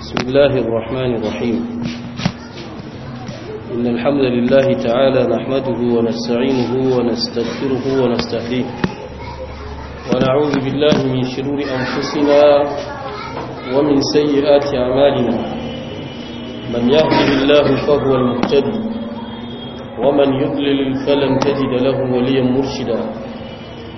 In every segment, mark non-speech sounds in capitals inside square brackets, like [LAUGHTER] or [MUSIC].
بسم الله الرحمن الرحيم إن الحمد لله تعالى نحمده ونستعينه ونستغفره ونستهديه ونعوذ بالله من شرور أنفسنا ومن سيئات أعمالنا من يهدي الله فهو المهتد ومن يضلل فلن تجد له وليا مرشدا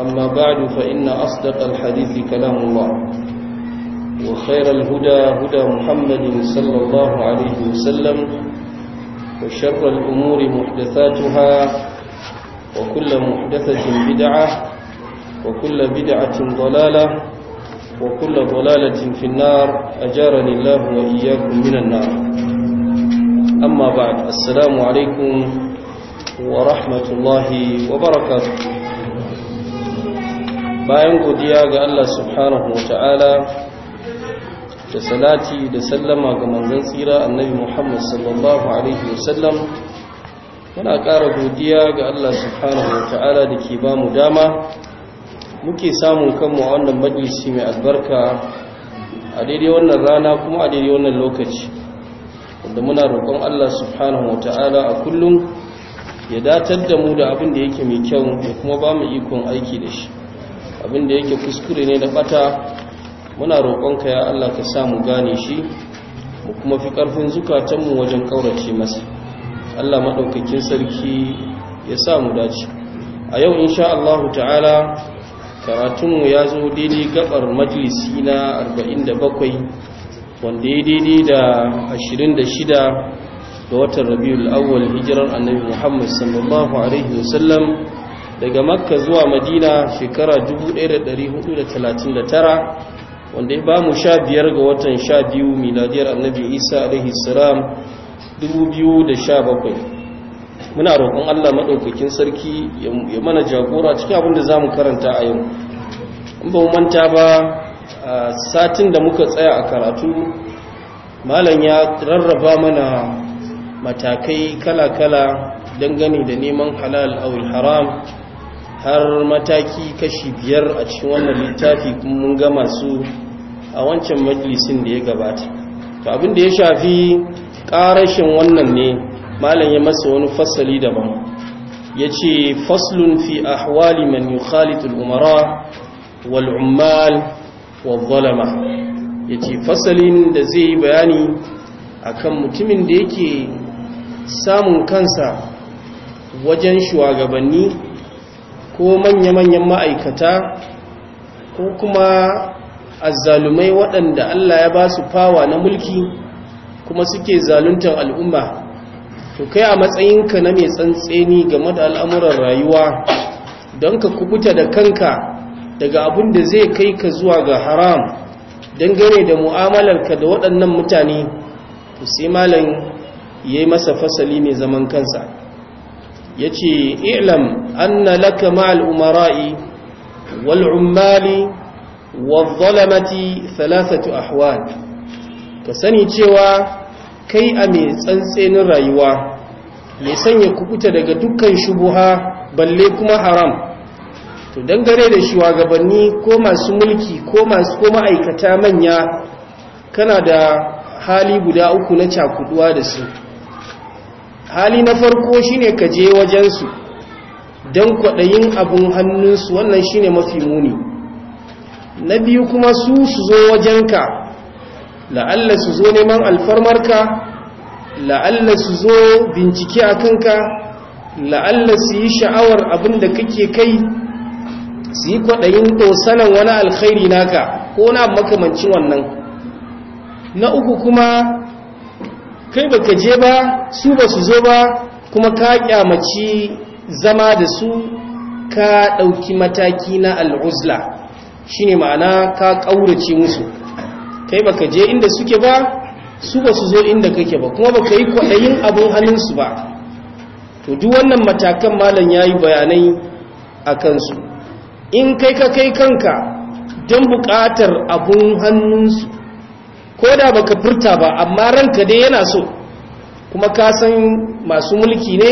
أما بعد فإن أصدق الحديث كلام الله وخير الهدى هدى محمد صلى الله عليه وسلم وشر الأمور محدثاتها وكل محدثة بدعة وكل بدعة ضلالة وكل ضلالة في النار أجارني الله وإياكم من النار أما بعد السلام عليكم ورحمة الله وبركاته bayan godiya ga Allah subhanahu wa ta'ala da salati da sallama ga manzon tsira annabi Muhammad sallallahu alaihi wasallam muna ƙara godiya ga Allah subhanahu wa ta'ala da ke ba mu dama muke samun kanmu a wannan majalisi mai albarka a daidai wannan rana kuma a daidai wannan lokaci wanda muna roƙon Allah subhanahu wa ta'ala a kullum ya datar da mu da abin da yake mai kyau da kuma ba mu ikon aiki da shi abinda yake kuskure ne da bata muna roƙonka ya Allah ka sa mu gane shi mu kuma fi ƙarfin zukatanmu wajen ƙaurace masa Allah maɗaukakin sarki ya sa mu dace a yau insha Allah ta'ala karatunmu ya zo daidai gabar majalisi na 47 wanda ya daidai da 26 ga watan rabiul awwal hijirar annabi Muhammad sallallahu daga makka zuwa madina shekara 1439 wanda ya ba mu sha biyar ga watan sha biyu miladiyar annabi isa alaihi salam 2017 muna roƙon allah maɗaukakin sarki ya mana jagora cikin abin da za mu karanta a yau in ba mu manta ba a satin da muka tsaya a karatu malam ya rarraba mana matakai kala-kala dangane da neman halal awil haram har mataki kashi biyar a cikin wannan littafi kuma mun gama su a wancan majalisin da ya gabata to abin da ya shafi ƙarashin wannan ne malam ya masa wani fasali daban ya faslun fi ahwali man yukhalitul umara wal ummal wal zalama ya fasalin da zai yi bayani akan mutumin da yake samun kansa wajen shugabanni ko manya-manyan ma'aikata ko kuma azzalumai waɗanda Allah ya ba su fawa na mulki kuma suke zaluntar al'umma to kai a matsayinka na mai tsantseni game da al'amuran rayuwa don ka kubuta da kanka daga abin da zai kai ka zuwa ga haram don gane da mu'amalarka da waɗannan mutane to sai malam ya yi masa fasali mai zaman kansa ya ce ilam anna laka ma'al umara'i wal ummali wal zalamati thalathatu ahwal ka sani cewa kai a mai tsantsenin rayuwa mai sanya kukuta daga dukkan shubuha balle kuma haram to dangare da shugabanni ko masu mulki ko masu ko ma'aikata manya kana da hali guda uku na cakuduwa da su hali na farko shine ka je wajensu don kwaɗayin abin hannunsu wannan shine mafi muni na biyu kuma su su zo wajenka la'alla su zo neman alfarmarka la'alla su zo bincike a kanka la'alla su yi sha'awar abin da kake kai su yi kwaɗayin ɗosanan wani alkhairi naka ko na makamancin wannan na uku kuma kai baka je ba su ba su zo ba kuma ka kyamaci zama da su ka ɗauki mataki na al'uzla shine ma'ana ka ƙaurace musu kai baka je inda suke ba su ba su zo inda kake ba kuma baka yi kwaɗayin abin hannunsu ba to duk wannan matakan malam ya yi bayanai a kansu in kai ka kai kanka don buƙatar abun hannunsu ko da baka furta ba amma ranka dai yana so kuma ka san masu mulki ne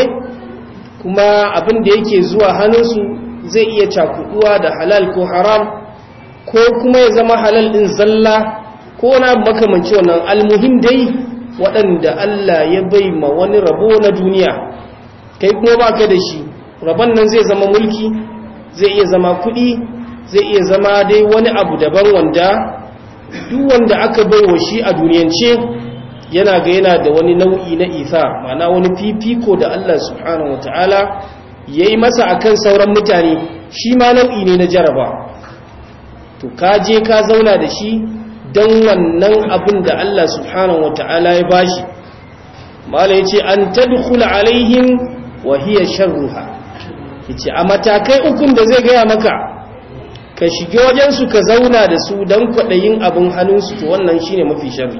kuma abin da yake zuwa hannunsu zai iya cakuduwa da halal ko haram ko kuma ya zama halal din zalla ko na makamanci wannan almuhim dai waɗanda Allah ya bai ma wani rabo na duniya kai kuma baka da shi rabon nan zai zama mulki zai iya zama kuɗi zai iya zama dai wani abu daban wanda duk wanda aka bai wa shi a duniyance yana ga yana da wani nau'i na isa mana wani fifiko da Allah subhanahu wataala yi masa akan sauran mutane shi ma nau'i ne na jaraba to ka je ka zauna da shi don wannan abin da Allah subhanahu wataala ya bashi mala yace an alaihin, alaihim wa shan sharruha yace a matakai ukun da zai gaya maka ka shige wajensu ka zauna da su don kwaɗayin abin hannunsu to wannan shine mafi shari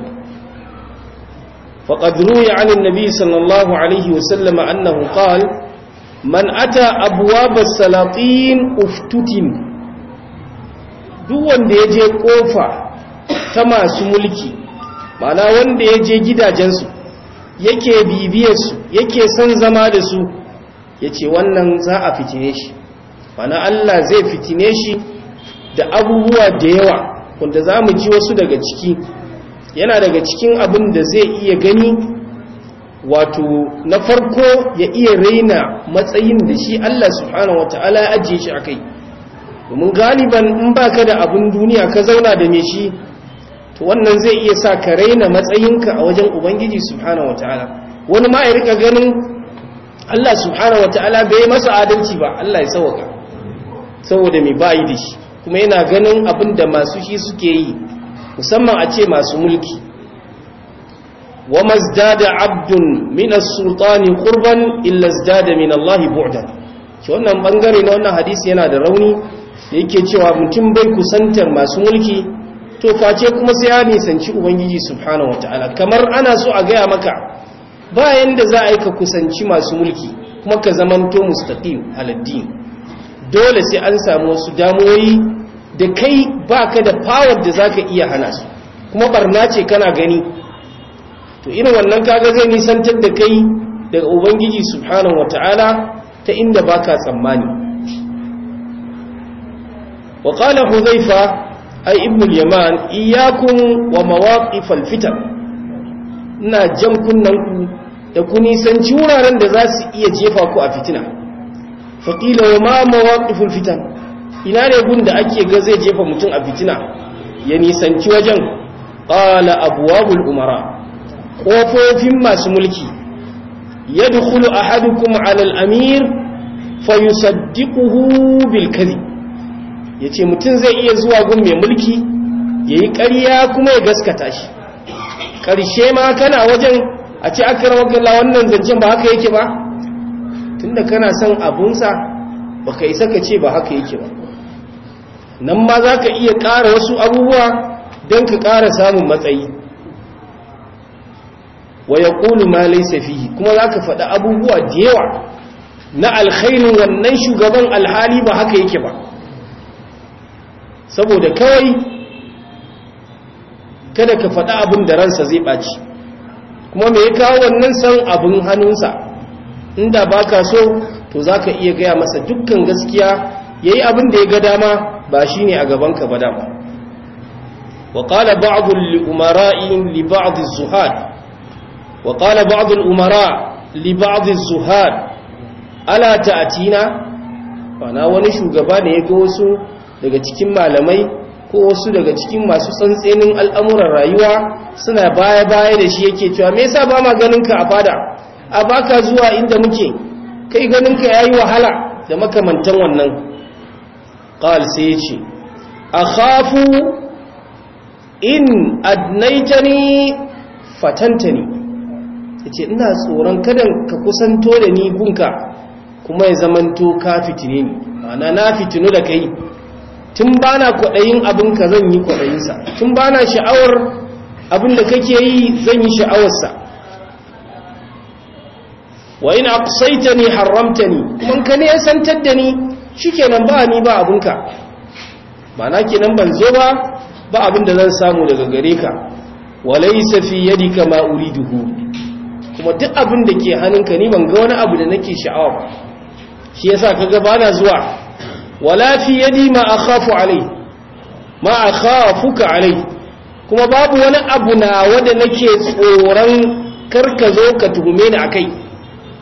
faqad ruya an nabi sallallahu alaihi wasallama annahu qala man ata abuwa ba salatin uftutin duk wanda ya je ƙofa ta masu mulki mana wanda ya je gidajensu yake bibiyarsu yake son zama da su ya ce wannan za a fitine shi mana Allah zai fitine shi da abubuwa da yawa wanda za mu ji wasu daga ciki yana daga cikin abin da zai iya gani wato na farko ya iya raina matsayin da shi Allah subhanahu wata'ala ya ajiye shi a kai domin galiban in baka da abin duniya ka zauna da me shi to wannan zai iya sa ka raina matsayinka a wajen ubangiji subhanahu wata'ala wani ma ya rika ganin Allah subhanahu wata'ala bai masa adalci ba Allah ya sauka saboda mai bayi da shi kuma yana ganin abin da masu shi suke yi musamman a ce masu mulki wa mazdada abdun min as-sultani qurban illa zada min Allah bu'da shi wannan bangare na wannan hadisi yana da rauni da yake cewa mutum bai kusantar masu mulki to face kuma sai ya nisanci ubangiji subhanahu wataala kamar ana so a gaya maka bayan da za a yi ka kusanci masu mulki kuma ka zamanto mustaqim aladdin dole sai an samu wasu damoyi da kai ba ka da power da za ka iya hana su kuma barna ce kana gani to irin wannan kaga zai nisantar da kai daga ubangiji subhanahu wa ta'ala ta inda ba ka tsammani wa qala a ay iyakun yaman iyakun wa mawaƙi fitan ina kunnanku da ku nisanci wuraren da za su iya jefa ku a fitina faƙila wa mama waƙiful fitan ina ne gun da ake ga zai jefa mutum a fitina ya nisanci wajen ƙala abuwabul umara ƙofofin masu mulki ya dukulu a kuma alal amir fayusaddiquhu Bilkali ya ce mutum zai iya zuwa gun mai mulki Ya yi ƙarya kuma ya gaskata shi ƙarshe ma kana wajen a ce rawar gala wannan zancen ba haka yake ba tunda kana son abunsa baka isa ka ce ba haka yake ba nan ma za ka iya ƙara wasu abubuwa don ka ƙara samun matsayi wa ya ƙulu ma laisa fihi kuma za ka faɗi abubuwa da yawa na alkhairin wannan shugaban alhali ba haka yake ba saboda kawai kada ka faɗi abin da ransa zai ɓaci kuma mai kawo wannan san abin hannunsa inda ba ka so to za ka iya gaya masa dukkan gaskiya ya yi abin da ya ga dama ba shi ne a gabanka ba dama وقال بعض الأمراء لبعض الزهاد Ala بعض الأمراء wani shugaba ألا تأتينا فأنا ونشو daga cikin malamai ko wasu daga cikin masu tsantsenin al'amuran rayuwa suna baya-baya da shi yake cewa me yasa ba ma ganin ka a fada a baka zuwa inda muke kai ganin ka yayi wahala da makamantan wannan qal sai yace akhafu in adnaitani fatantani yace ina tsoron kadan ka kusanto da ni gunka kuma ya zamanto ka fitine ni ana na fitinu da kai tun bana kwaɗayin abin ka zan yi sa, tun bana sha'awar abin da kake yi zan yi sha'awarsa wa in aqsaitani haramtani kuma ka ne santar da ni shikenan ba ni ba abunka na kenan ban zo ba ba abin da zan samu daga gare ka walaysa fi yadika ma uriduhu kuma duk abin da ke hannunka ni ban ga wani abu da nake sha'awa ba shi yasa kaga bana zuwa wala fi yadi ma akhafu alai ma akhafuka alai kuma babu wani abu na wanda nake tsoron karka zo ka tuhume ni akai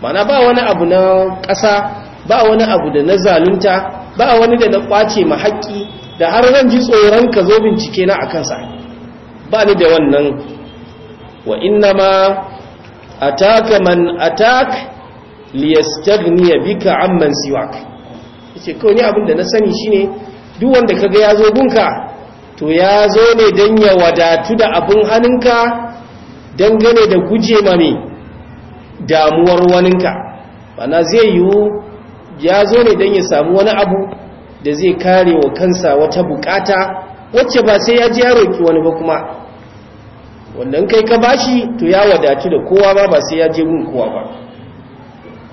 mana ba wani abu na ƙasa ba wani abu da na zalunta ba wani da na ƙwace ma da har zan ji tsoron ka zo bincike na a kansa ba ni da wannan wa inna ma taka man a atak liyastaghniya bika amman siwak ce, ko ni abin da na sani shi ne? duk wanda ka ga ya zo bunka, to ya zo ne don ya wadatu da abin hannunka dangane da guje mame damuwar waninka bana zai yiwu ya zo ne don ya samu wani abu da zai kare wa kansa wata bukata wacce ba sai ya ji ya roƙi wani ba kuma wannan kai ka bashi to ya wadatu da kowa ba ba sai ya je mun kowa ba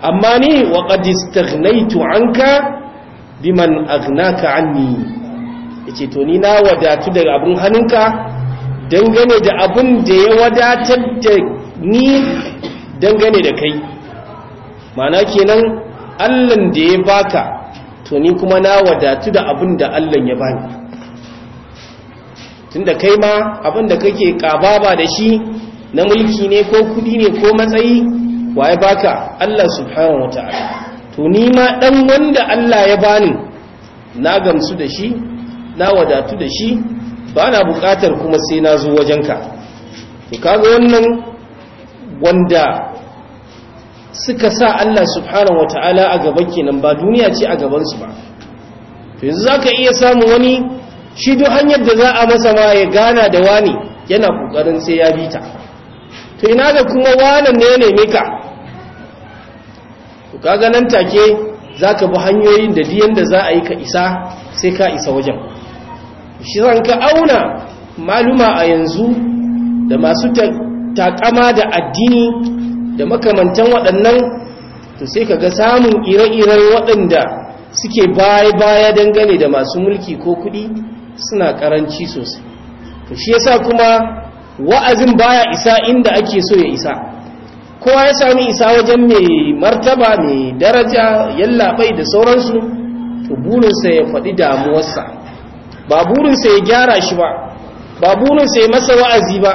amma ni wa qad anka biman aghnaka anni yace to ni na wadatu daga abun hannunka dangane da abun da ya wadatar da ni dangane da kai mana kenan allan da ya baka to ni kuma na wadatu da abin da allan ya bani tunda kai ma abin da kake ba da shi na mulki ne ko kudi ne ko matsayi waye baka allah subhanahu wata'ala to ni ma dan wanda allah ya bani na gamsu da shi na wadatu da shi ba na bukatar kuma sai na zo wajenka to kaga wannan wanda suka sa Allah subhanahu ta'ala a gaba kenan ba duniya ce a gabansu ba to yanzu za iya samu wani shi duk hanyar da za a masa ma ya gana da wani yana ƙoƙarin sai ya bi ta to ina ga kuma wanan ne ne me ka to kaga nan take zaka bi hanyoyin da diyan da za a yi ka isa sai ka isa wajen shi zan ka auna maluma a yanzu da masu takama da addini da makamantan waɗannan to sai ka ga samun ire-iren waɗanda suke baya-baya dangane da masu mulki ko kuɗi suna ƙaranci sosai to shi yasa kuma wa'azin baya isa inda ake so ya isa kowa ya sami isa wajen mai martaba mai daraja yallaɓai da sauransu to burinsa ya faɗi damuwarsa ba burinsa ya gyara shi ba ba burinsa ya masa wa'azi ba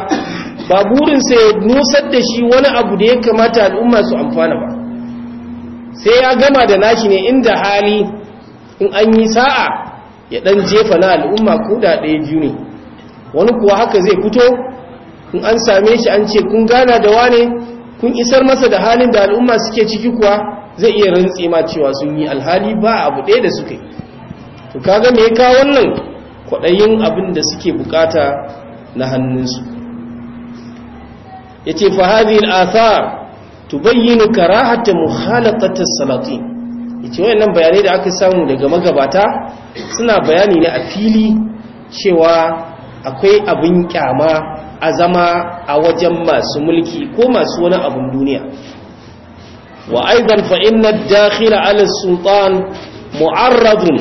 ba burinsa ya nusar da shi wani abu da ya kamata al'umma su amfana ba sai ya gama da nashi ne inda hali in an yi sa'a ya ɗan jefa na al'umma ko da ɗaya biyu ne wani kuwa haka zai fito in an same shi an ce kun gana da wane kun isar masa da halin da al'umma suke ciki kuwa zai iya rantse ma cewa sun yi alhali ba abu ɗaya da suka yi to kaga me ya kawo wannan kwaɗayin abin da suke bukata na hannunsu yace fa hadhihi al-athar tubayyinu karahata mukhalatati as-salatin yace wayannan bayanai da aka samu daga magabata suna bayani ne a fili cewa akwai abin kyama a zama a wajen masu mulki ko masu wani abun duniya wa aidan fa inna ad-dakhila 'ala as-sultan mu'arradun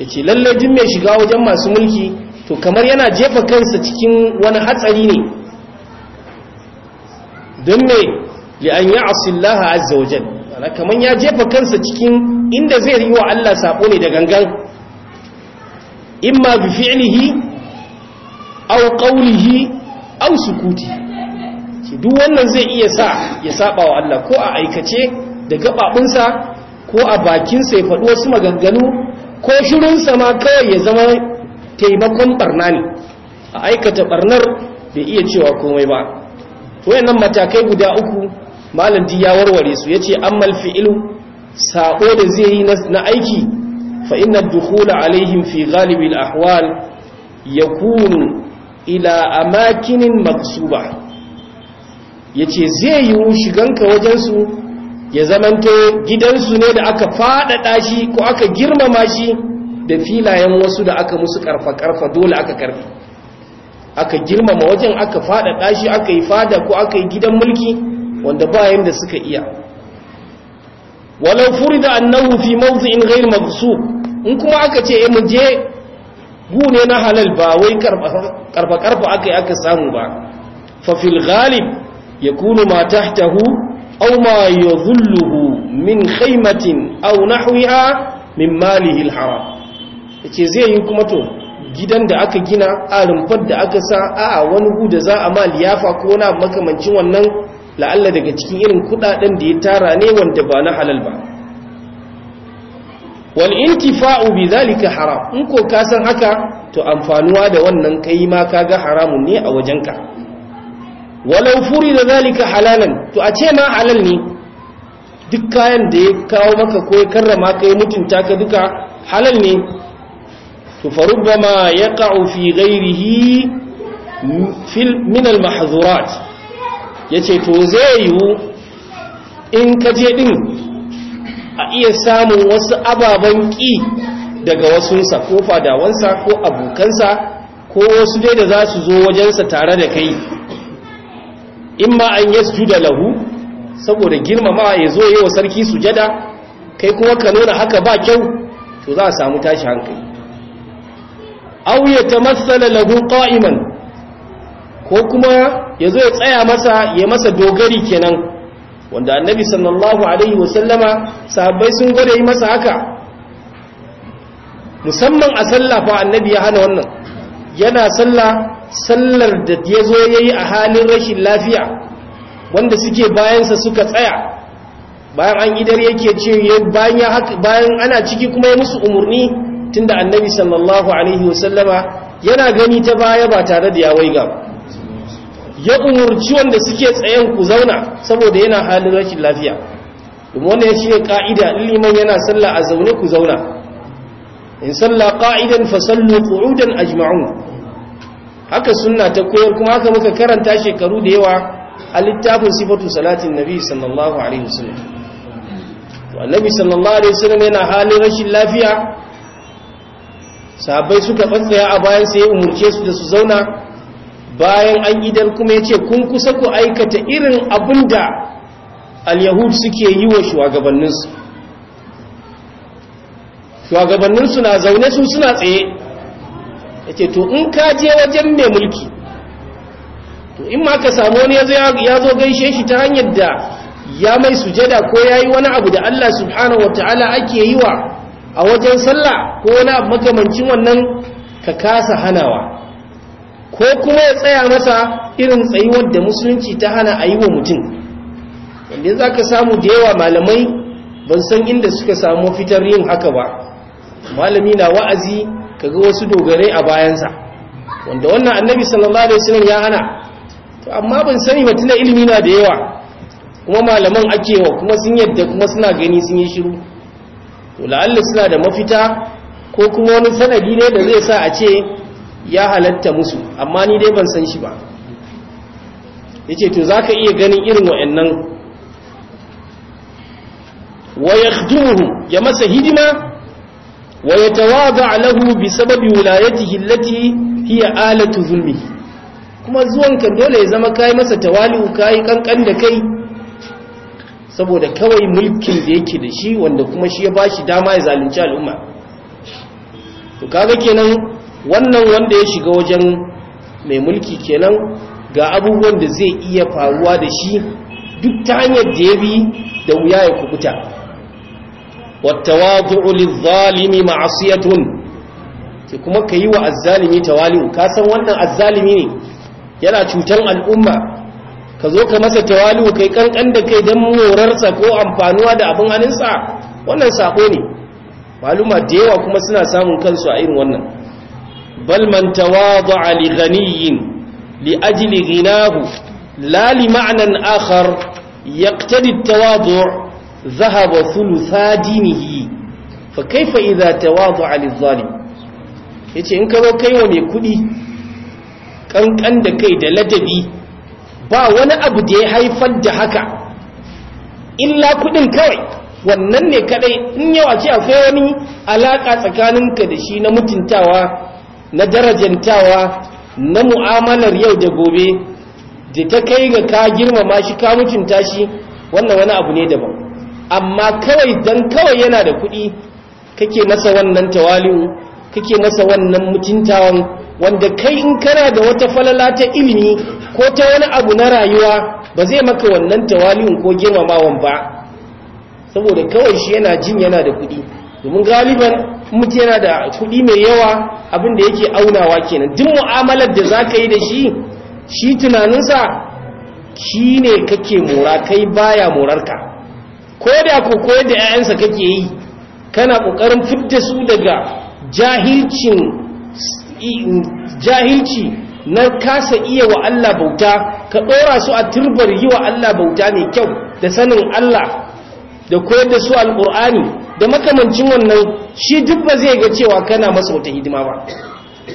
yace lalle din mai shiga wajen masu mulki to kamar yana jefa kansa cikin wani hatsari ne don me ya an ya'si Allah azza wajen? jalla kaman ya jefa kansa cikin inda zai yi wa Allah sabo ne da gangan imma bi fi'lihi au qawlihi aw sukuti duk wannan zai iya sa ya saba wa Allah ko a aikace da gababinsa ko a bakinsa ya faɗi wasu maganganu ko shirinsa ma kawai ya zama taimakon barna ne a aikata ɓarnar bai iya cewa komai ba wayannan matakai guda uku malam ya warware su yace ammal fi'lu sa'o da zai yi na aiki fa inna ad alaihim fi ghalibi ahwal yakunu ila amakinin maksuba yace zai yi shiganka wajen su ya zamanto gidansu ne da aka fadada shi ko aka girmama shi da filayen wasu da aka musu karfa karfa dole aka karfi aka girmama wajen aka faɗaɗa shi aka yi fada ko aka yi gidan mulki wanda bayan da suka iya walau furida annahu fi mawdi'in ghayr maghsub in kuma aka ce eh muje je ne na halal ba wai karfa karfa aka yi aka samu ba fa fil ghalib yakunu ma tahtahu aw ma yadhulluhu min khaymatin aw nahwiha min malihi al haram yace zai yi kuma to gidan da aka gina a rumfar da aka sa a wani huda da za a ma liyafa ko na makamancin wannan la'alla daga cikin irin kudaden da ya tara ne wanda ba na halal ba wal intifa'u bi zalika haram in ko ka san haka to amfanuwa da wannan kai ma kaga haramun ne a wajenka walau furi da zalika halalan to a ce ma halal ne duk kayan da ya kawo maka ko ya karrama ka mutunta ka duka halal ne to ya yaqa'u fi ghairihi min al mahzurat yace to zai yiwu in ka je din a iya samun wasu ababen ƙi daga wasunsa ko fadawansa ko abokansa ko wasu dai da za su zo wajensa tare da kai in imma an yasjuda lahu saboda girmama ya zo yi wa sarki sujada kai kuma ka nuna haka ba kyau to za a samu tashi hankali aw ya tamassala lahu qa'iman ko kuma yazo ya tsaya masa ya masa dogari kenan wanda annabi sallallahu alaihi wasallama sahabbai sun gwada yi masa haka musamman a sallah fa annabi ya hana wannan yana sallah sallar da ya zo ya a halin rashin lafiya wanda suke bayansa suka tsaya bayan an idar yake ce bayan ana ciki kuma ya musu umarni tunda annabi sallallahu alaihi wasallama yana gani ta baya ba tare da yawai ga ya umurci wanda suke tsayen ku zauna saboda yana halin rashin lafiya domin wannan ya shine ka'ida in liman yana salla a zaune ku zauna in sallah qa'idan fa sallu qu'udan ajma'u haka sunna ta koyar kuma haka muka karanta shekaru da yawa a littafin sifatu salatin nabi sallallahu alaihi wasallam annabi sallallahu alaihi wasallam yana halin rashin lafiya Sabai suka tsatsaya a bayan sai ya umurce su da su zauna bayan an idan kuma ya ce kun kusa ku aikata irin abin da al-yahud suke yi wa shugabanninsu shugabanninsu na zaune su suna tsaye ya ce to in ka je wajen mai mulki to in ma ka samu wani ya zo gaishe shi ta hanyar da ya mai sujada ko ya yi wani abu da allah subhanahu wa ta'ala ake yi wa a wajen sallah ko wani makamancin wannan ka kasa hanawa ko kuma ya tsaya masa irin tsayuwar da musulunci ta hana a yi wa mutum wanda za ka samu da yawa malamai ban san inda suka samu fitar yin haka ba malami na wa'azi ka ga wasu dogarai a bayansa wanda wannan annabi sallallahu alaihi wasallam ya hana to amma ban sani ba tuna ilimi na da yawa kuma malaman ake wa kuma sun yadda kuma suna gani sun yi shiru to la'alla suna da mafita ko kuma wani sanadi ne da zai sa a ce ya halatta musu amma ni dai ban san shi ba yace to zaka iya ganin irin wa'annan wa ya ya masa hidima wa ya lahu bi sababi wilayatihi allati hiya alatu zulmi kuma zuwanka dole ya zama kai masa tawali'u kai kankan da kai saboda kawai mulkin da yake da shi wanda kuma shi ya ba shi dama ya zalunci al'umma to kaga kenan wannan wanda ya shiga wajen mai mulki kenan ga abubuwan da zai iya faruwa da shi duk ta hanyar da ya bi da wuya ya kubuta wattawadu'u lizzalimi ma'asiyatun sai kuma kayi wa azzalimi tawali'u ka san wannan azzalimi ne yana cutar al'umma ka zo ka masa tawali'u kai kankan da kai don morarsa ko amfanuwa da abin hannunsa wannan sako ne maluma da yawa kuma suna samun kansu a irin wannan bal man Ali li ghaniyin li ajli ghinahu la li ma'nan akhar yaqtadi at-tawadu' dhahaba thulutha dinihi fa kayfa idha tawada'a li dhalim yace in ka zo kai wa mai kudi da kai da ladabi ba wani abu da ya haifar da haka illa kudin kawai wannan ne kadai in yau a ce akwai wani alaka tsakaninka da shi na mutuntawa na darajantawa na mu'amalar yau da gobe da ta kai ga ka girmama shi ka mutunta shi wannan wani abu ne daban amma kawai dan kawai yana da kuɗi kake nasa wannan tawali'u kake masa wannan mutuntawan wanda kai in kana da wata falala ta ilimi ko ta wani abu na rayuwa ba zai maka wannan tawali'un ko girmamawan ba saboda kawai shi yana jin yana da kuɗi domin galiban mutu yana da kuɗi mai yawa abin da yake aunawa kenan duk mu'amalar da za ka yi da shi shi tunaninsa shi ne kake mora kai baya morarka ko da ku koyar da 'ya'yansa kake yi kana ƙoƙarin fidda su daga jahilcin jahilci na kasa iya wa Allah bauta ka ɗora su a turbar yi wa Allah bauta mai kyau da sanin Allah da koyar da su alƙur'ani da makamancin wannan shi duk ba zai ga cewa kana masa wata hidima ba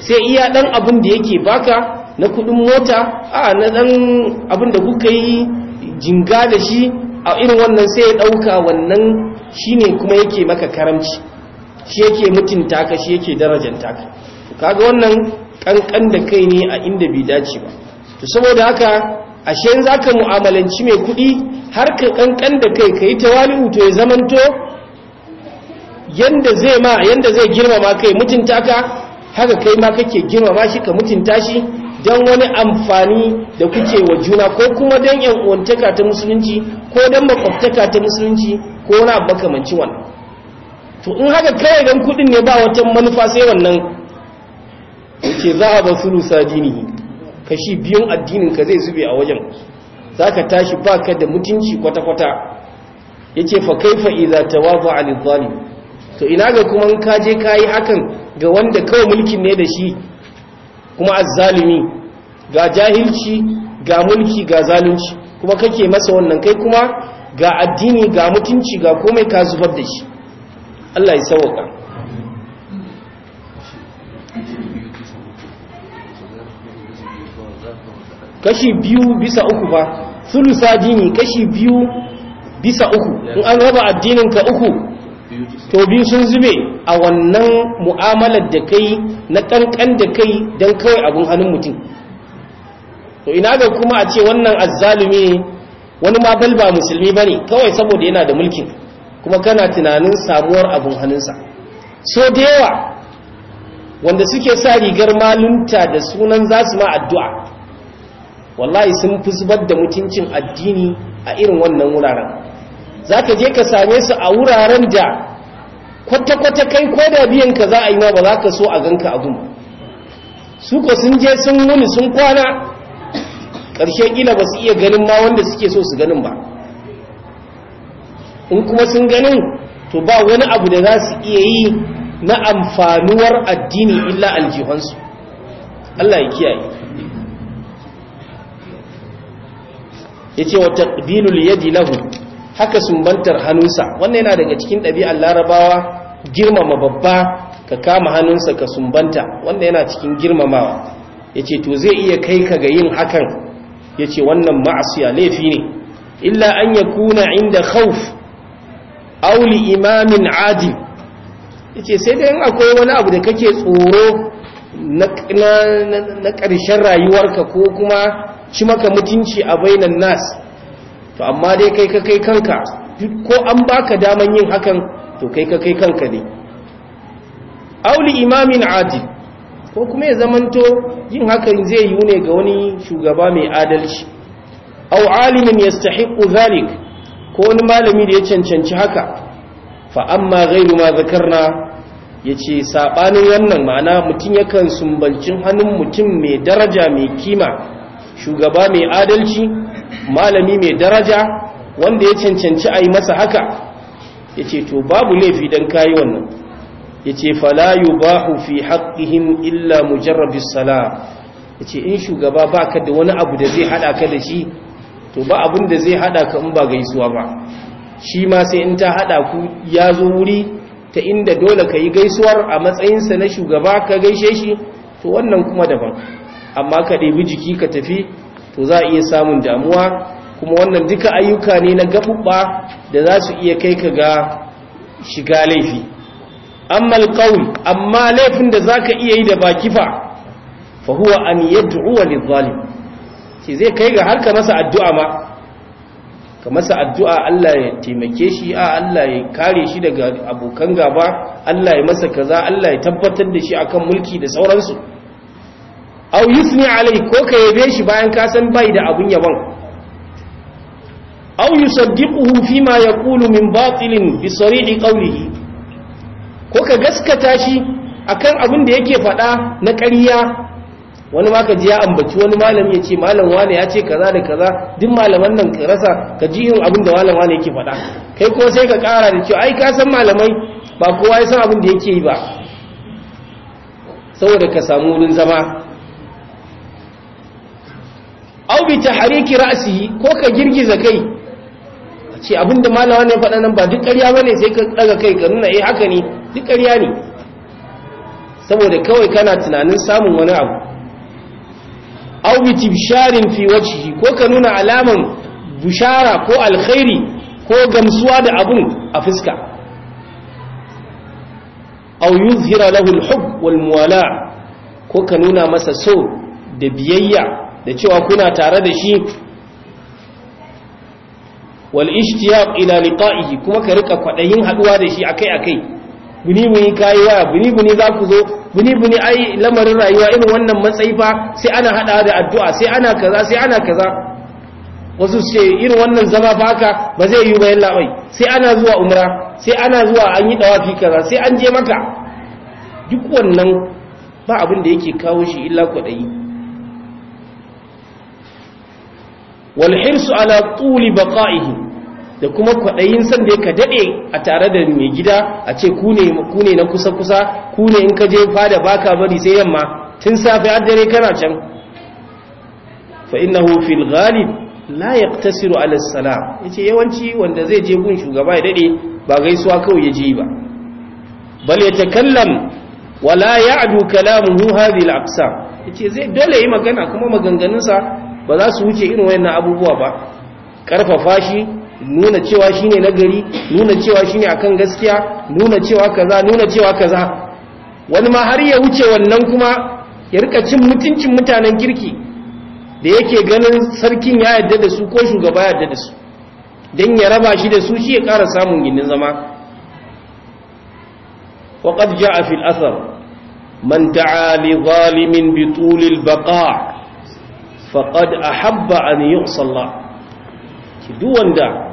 sai iya ɗan abin da yake baka na kuɗin mota a na ɗan abin da kuka yi jinga da shi a irin wannan sai ya ɗauka wannan shi ne kuma yake maka karamci shi yake mutunta ka shi yake darajanta ka kaga wannan kankan da kai ne a inda bai dace ba to saboda haka ashe in zaka mu'amalanci mai kuɗi har ka kankan da kai kai tawali'u to ya zamanto yanda zai ma yanda zai girmama kai mutunta ka haka kai ma kake girmama shi ka mutunta shi don wani amfani da kuke wa juna ko kuma dan yan uwantaka ta musulunci ko dan makwabtaka ta musulunci ko na makamancin wannan to in haka kai don kudin ne ba wata manufa sai wannan ce za a ba sulusa dini kashi biyun addinin ka zai zube a wajen za ka tashi ba ka da mutunci kwata-kwata ya ce fa kaifa iza ta al-zalim to ina ga kuma in kaje ka yi hakan ga wanda kawai mulkin ne da shi kuma az-zalimi ga jahilci ga mulki ga zalunci kuma kake masa wannan kai kuma ga addini ga mutunci ga komai ka zubar da shi Allah ya sauka kashi biyu bisa uku ba sulusa dini kashi biyu bisa uku in an raba addinin ka uku to biyu sun zube a wannan mu'amalar da kai na kankan da kai don kawai abin hannun mutum to ina ga kuma a ce wannan azzalumi wani ma balba musulmi ba ne kawai saboda yana da mulkin kuma kana tunanin sabuwar abun hannunsa so da yawa wanda suke sa rigar malunta da sunan za su ma addu'a wallahi sun fi zubar da mutuncin addini a irin wannan wuraren za ka je ka same su a wuraren da kwata-kwata kai ko da biyan ka za a yi ma ba za ka so a ganka abun su ko sun je sun wuni sun kwana ƙarshe ƙila ba su iya ganin ma wanda suke so su ganin ba in kuma sun ganin to ba wani abu da za su iya yi na amfanuwar addini illa aljihunsu Allah ya kiyaye ya ce wata dinul yadi lahu haka sumbantar hannunsa wannan yana daga cikin ɗabi'ar larabawa girmama babba ka kama hannunsa ka sumbanta wannan yana cikin girmamawa ya ce to zai iya kai ka ga yin hakan ya ce wannan ma'asiya laifi ne illa an ya kuna inda khauf auli imamin adil yace sai dai in akwai wani abu da kake tsoro na ƙarshen rayuwarka ko kuma ci maka mutunci a bainan nas to amma dai kai ka kai kanka ko an baka daman yin hakan to kai ka kai kanka ne auli imamin adil ko kuma ya zamanto yin hakan zai yi ne ga wani shugaba mai adalci au alimin yastahiqu zalik ko wani malami da ya cancanci haka fa amma ghairu ma zakarna yace sabanin wannan ma'ana mutum yakan sumbancin hannun mutum mai daraja mai kima shugaba mai adalci malami mai daraja wanda ya cancanci a yi masa haka yace to babu laifi dan kayi wannan yace fala yubahu fi haqqihim illa mujarrabis sala yace in shugaba baka da wani abu da zai hada ka da shi to ba abin da zai hada ka in ba gaisuwa ba shi ma sai in ta hada ku ya zo wuri ta inda dole ka yi gaisuwar a matsayinsa na shugaba ka gaishe shi to wannan kuma daban amma ka ɗebi jiki ka tafi to za a iya samun damuwa kuma wannan duka ayyuka ne na gaɓuɓɓa da za su iya kai ka ga shiga laifi amma alƙawul amma laifin da za ka iya yi da baki fa fa huwa an yadda uwa zalim shi zai kai ga harka masa addu'a ma ka masa addu'a Allah ya taimake shi a Allah ya kare shi daga abokan gaba Allah ya masa kaza Allah ya tabbatar da shi akan mulki da sauransu au yusni alai ko ka yabe shi bayan ka san bai da abun yabon au yusaddiquhu ya yaqulu min batilin bi sarihi qawlihi ko ka gaskata shi akan abin da yake faɗa na ƙarya wani ma ka ji ya ambaci wani malami ya ce malam wane ya ce kaza da kaza duk malaman nan ka rasa ka ji yin abin da malam wane yake faɗa kai ko sai ka ƙara da cewa ai ka san malamai ba kowa ya san abin da yake yi ba saboda ka samu wurin zama au bi tahriki ra'si ko ka girgiza kai ce abin da malam wane ya faɗa nan ba duk ƙarya bane sai ka daga kai ka nuna eh haka ne duk ƙarya ne saboda kawai kana tunanin samun wani abu aw bi tibsharin fi wajhi ko ka nuna alaman bushara ko alkhairi ko gamsuwa da abun a fuska aw yuzhira lahu alhub wal ko ka nuna masa so da biyayya da cewa kuna tare da shi wal ishtiyaq ila liqa'ihi kuma ka rika kwadayin haduwa da shi akai akai buni buni waya buni buni za ku zo buni buni ai lamarin rayuwa irin wannan matsayi fa sai ana hada da addu'a sai ana kaza sai ana kaza wasu ce irin wannan zama fa haka ba zai yi bayan labai sai ana zuwa umra sai ana zuwa an yi dawafi kaza sai an je maka duk wannan ba abin da yake kawo shi illa kwadayi wal hirsu ala tuli baqa'ihi da kuma kwaɗayin sanda da ka daɗe a tare da mai gida a ce ku ne na kusa-kusa ku ne in ka je fada baka bari sai yamma tun safe har kana can fa innahu fil ghalib la yaqtasiru alisala Ya ce yawanci wanda zai je gun shugaba ya daɗe ba gaisuwa kawai ya je ba bal yatakallam wa la kalamun hu hadhihi al ya ce zai dole yi magana kuma maganganunsa ba za su wuce irin wayannan abubuwa ba karfafa shi nuna cewa shine nagari nuna cewa shine akan gaskiya nuna cewa kaza nuna cewa kaza wani ma har ya wuce wannan kuma ya rika cin mutuncin mutanen kirki da yake ganin sarkin ya yadda da su ko shugaba ya yadda da su don ya raba shi da su shi ya ƙara samun ginin zama ja a fil asar man da'a li zalimin bi tulil baqa' faqad ahabba an yu'salla duk wanda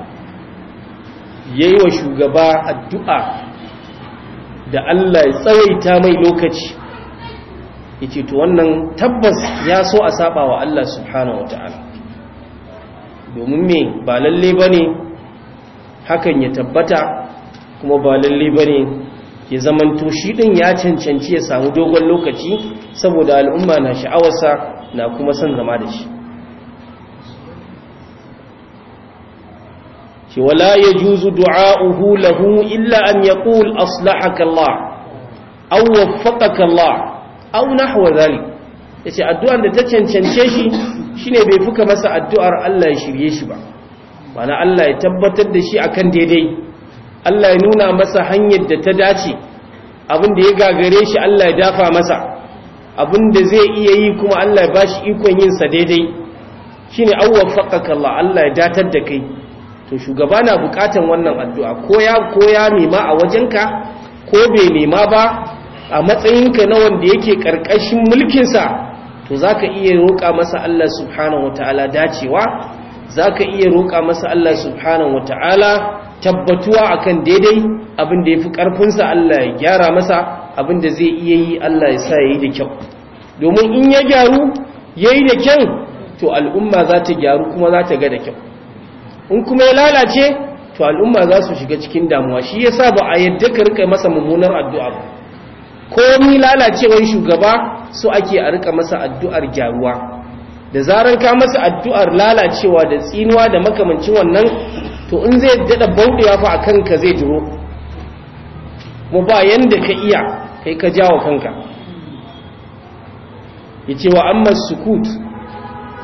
ya yi wa shugaba addu'a da Allah ya tsawaita mai lokaci ya to wannan tabbas ya so a saba wa Allah subhanahu wa domin me ba lalle ba ne hakan ya tabbata kuma ba lalle ba ne ya zamanto shi ɗin ya cancanci ya samu dogon lokaci saboda al'umma na sha'awarsa na kuma son zama da shi ce wala yajuzu du'a'uhu lahu illa an yaqul aslahaka Allah aw waffaqaka Allah aw nahwa dhalik yace addu'ar da ta cancance shi shine bai fuka masa addu'ar Allah ya shirye shi ba mana Allah ya tabbatar da shi akan daidai Allah ya nuna masa hanyar da ta dace abin da ya gagare shi Allah ya dafa masa abin da zai iya yi kuma Allah ya ba shi ikon yinsa daidai shine aw waffaqaka Allah Allah ya datar da kai to shugaba na bukatan wannan addu'a ko ya ko ya nema a wajenka ko bai nema ba a matsayinka na wanda yake karkashin mulkinsa to zaka iya roƙa masa Allah subhanahu wataala dacewa zaka iya roƙa masa Allah subhanahu wataala tabbatuwa akan daidai abin da yafi ƙarfinsa Allah ya gyara masa abin da zai iya yi Allah ya sa yayi da kyau domin in ya gyaru yayi da kyau to al'umma za ta gyaru kuma za ta ga da kyau in kuma ya lalace to al'umma za su shiga cikin damuwa shi ya sa ba a yadda ka rika masa mummunar addu'a ba komi lalacewar shugaba so ake a rika masa addu'ar gyaruwa da zarar ka masa addu'ar lalacewa da tsinuwa da makamancin wannan to in zai dada bauɗewa fa a kanka zai jiro mu ba yanda ka iya kai ka jawo kanka ya ce wa amma sukut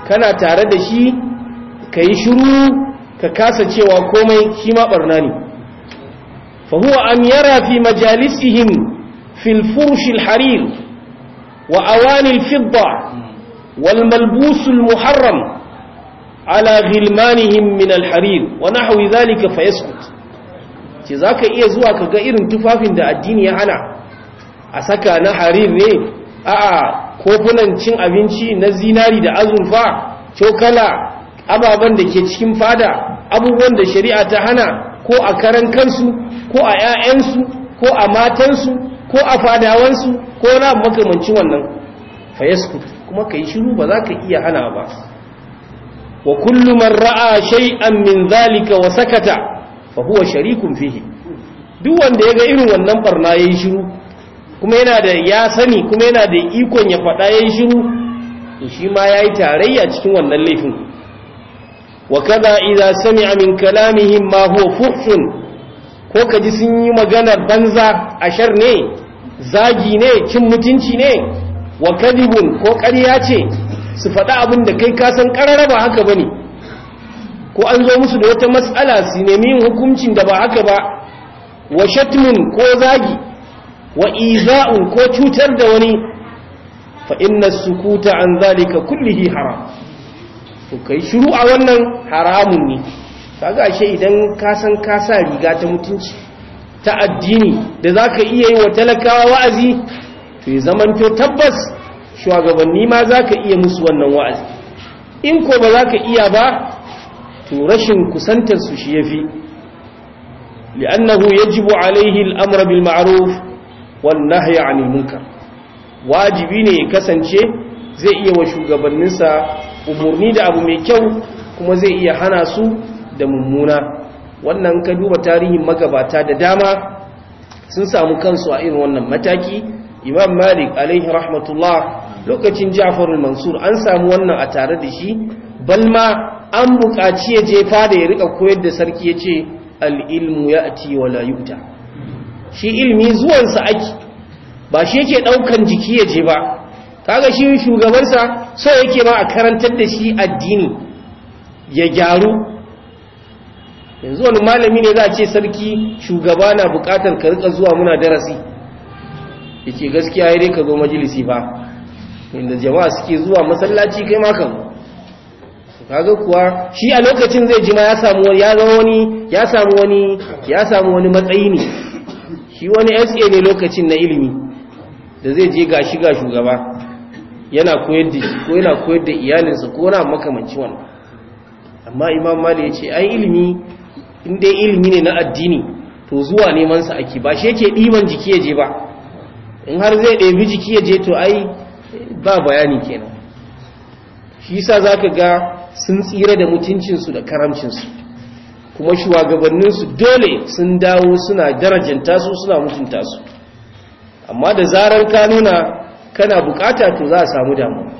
kana tare da shi ka yi shuru ka kasa cewa komai shi ma barna ne fa huwa an yara fi majalisihim fil furush al harir wa awani al fidda wal malbus al muharram ala ghilmanihim min al harir wa nahwi dhalika fayaskut ce zaka iya zuwa kaga irin tufafin da addini ya hana a saka na harir ne a'a kofunan cin abinci na zinari da azurfa cokala Ababan da ke cikin fada abubuwan da shari'a ta hana ko a karan kansu ko a 'ya'yansu ko a matansu ko a fadawansu ko na makamancin wannan fayasku kuma ka yi shiru ba za ka iya hana ba wa man ra'a shay'an min zalika wa sakata fa huwa sharikun fihi duk wanda ya ga irin wannan barna yayin shiru kuma yana da ya sani kuma yana da ikon ya faɗa yayin shiru to shi ma yayi tarayya cikin wannan laifin وكذا إذا سمع من كلامهم ما هو فحش ko ka ji sun yi maganar banza ashar ne zagi ne cin mutunci ne wa kadibun ko ƙarya ce su faɗa abin da kai kasan ƙarara ba haka ba ne ko an zo musu da wata matsala su nemi yin hukuncin da ba haka ba wa shatmun ko zagi wa iza'un ko cutar da wani fa inna sukuta an zalika kullihi haram to kai shiru a wannan haramun ne kaga ashe idan ka san ka sa riga ta mutunci ta addini da zaka iya yi wa talakawa wa'azi to ya zamanto tabbas shugabanni ma zaka iya musu wannan wa'azi in ko ba ka iya ba to rashin kusantar su shi yafi li'annahu yajibu alaihi al'amra bil ma'aruf wan nahyi 'anil wajibi ne ya kasance zai iya wa shugabanninsa umurni da abu mai kyau kuma zai iya hana su da mummuna wannan ka duba tarihin magabata da dama sun samu kansu a irin wannan mataki imam malik alaihi rahmatullah lokacin ja'farul mansur an samu wannan a tare da shi balma an buƙaci ya je fada ya rika koyar da sarki ya ce al'ilmu ya ati wa layuta shi ilmi zuwansa ake ba shi yake ɗaukan jiki ya je ba kaga shi shugabansa so yake ba a karantar da shi addini ya gyaru yanzu wani malami ne za a ce sarki shugaba na bukatar ka rika zuwa muna darasi yace gaskiya dai ka zo majalisi ba inda jama'a suke zuwa masallaci kai ma kan kaga kuwa shi a lokacin zai jima ya samu wani ya zama wani ya samu wani ya samu wani matsayi ne shi wani SA ne lokacin na ilimi da zai je shi ga shugaba yana koyar da shi ko yana koyar da iyalinsa ko na makamanci wannan amma imam mali ya ce ai ilimi in dai ilimi ne na addini to zuwa neman sa ake ba shi yake ɗiban jiki ya je ba in har zai ɗabi jiki ya je to ai ba bayani kenan shi za ka ga sun tsira da mutuncinsu da karamcinsu kuma shugabanninsu dole sun dawo suna darajanta su suna mutunta su amma da zarar ka kana bukata to za a samu damu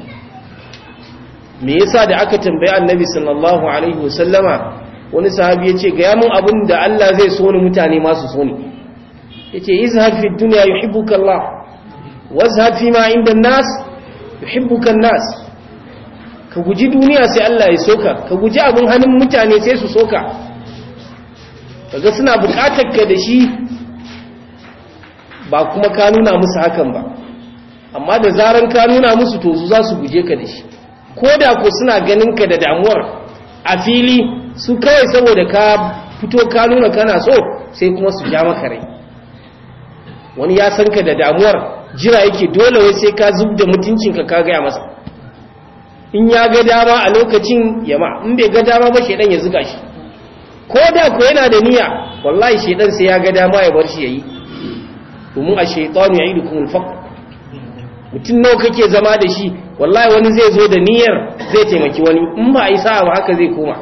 me yasa da aka tambayi annabi sallallahu alaihi wasallama wani sahabi yace ce ga yamin abin da Allah zai so ni mutane masu so ni yace ce izhab fi duniya yuhibbuka Allah wazhab fi ma inda nas yuhibbuka nas ka guji duniya sai Allah ya soka ka guji abin hannun mutane sai su soka kaga suna bukatar ka da shi ba kuma ka nuna musu hakan ba amma da zaran ka nuna musu tozu za su guje ka da shi ko da ko suna ganin ka da damuwar a fili su kawai saboda ka fito ka nuna kana so sai kuma su ja maka rai wani ya san ka da damuwar jira yake dole wai sai ka zub da mutuncinka ka gaya masa in ya ga dama a lokacin yama in bai ga dama ba shaidan ya zuga shi ko da ko yana da niyya wallahi shaidan sai ya ga dama ya bar shi yayi domin a shaitanu ya yi da kuma mutum nawa kake zama da shi wallahi wani zai zo da niyyar zai taimaki wani in ba a yi sa'a ba haka zai koma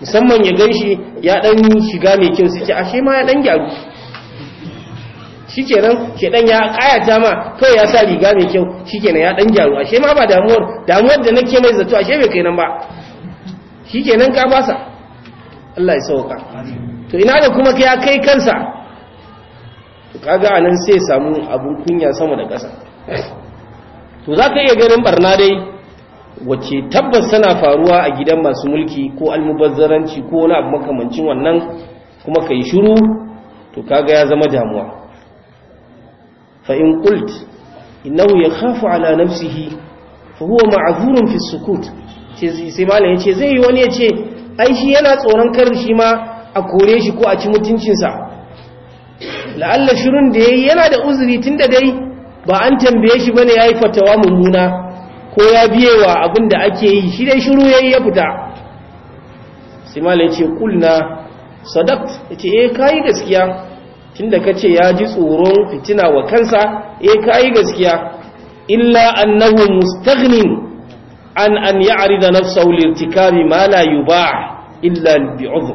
musamman ya gan shi ya dan shiga mai kyau suke a ah, ashe ma ya dan gyaru shikenan dan ya kayata ma kawai ya sa riga mai kyau shikenan ya dan gyaru ashe ma ba damuwar damuwar da nake mai zato ashe bai kai nan ba shikenan ka basa Allah ya sauka to ina da kuma kai kai kansa kaga anan sai samu abun kunya sama da ƙasa to za ka iya ganin barna dai wacce tabbas tana faruwa a gidan masu mulki ko almubazzaranci ko wani abu makamancin wannan kuma ka yi shuru to kaga ya zama damuwa fa'in kult inahu ya khafu ala nafsihi fa huwa ma'azurun fi sukut sai malam ya ce zai yi wani ya ce ai shi yana tsoron kar shi ma a kore shi ko a ci mutuncinsa la'alla shirin da ya yi yana da uzuri tun da dai ba an tambaye shi bane yayi fatawa mummuna ko ya biyewa abin da ake yi shi dai shiru yayi ya fita sai malai ce kulna sadaqt yace eh kai gaskiya tunda kace ya ji tsoron fitina wa kansa eh kai gaskiya illa annahu mustaghnin an an ya'rida nafsahu lirtikabi ma la yubah illa bi'udhr